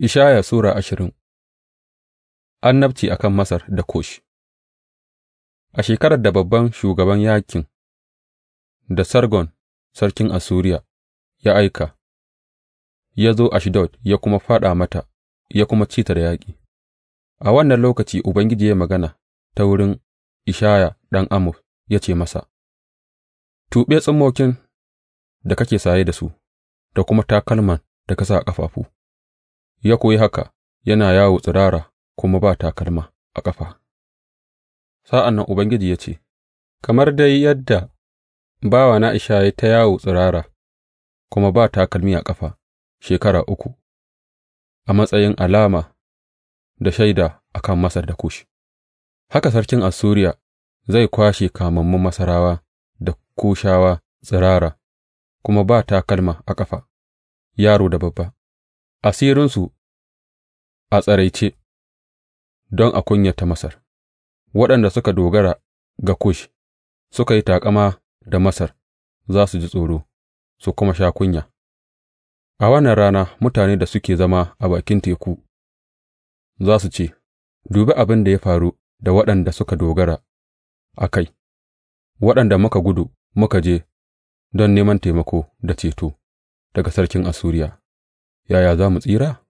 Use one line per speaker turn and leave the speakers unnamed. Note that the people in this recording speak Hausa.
Ishaya Sura ashirin Annabci a kan Masar da Kush A shekarar da babban shugaban yaƙin da Sargon sarkin asuriya ya aika, ya zo Ashdod ya kuma faɗa mata, ya kuma ci da yaƙi, a wannan lokaci Ubangiji ya magana ta wurin Ishaya ɗan Amur ya ce masa, Tuɓe tsummokin da kake saye da su, da kuma takalman da ka sa ƙafafu. ya koyi haka, yana yawo tsirara kuma ba takalma a ƙafa. Sa'an nan Ubangiji ya ce, Kamar dai yadda na isha ya ta yawo tsirara kuma ba takalmi a ƙafa shekara uku, a matsayin alama da shaida a kan Masar da Kush, haka sarkin Assuriya zai kwashe kamammun Masarawa da Kushawa tsirara kuma ba takalma a ƙafa, yaro da babba, asirinsu a tsaraice, don a kunyata Masar, waɗanda suka dogara ga Kush suka yi taƙama da Masar za su ji tsoro su kuma sha kunya, a wannan rana mutane da suke zama a bakin teku za su ce, Dubi abin da ya faru da waɗanda suka dogara a kai, waɗanda muka gudu muka je don neman taimako da ceto daga sarkin asuriya, yaya za mu tsira?’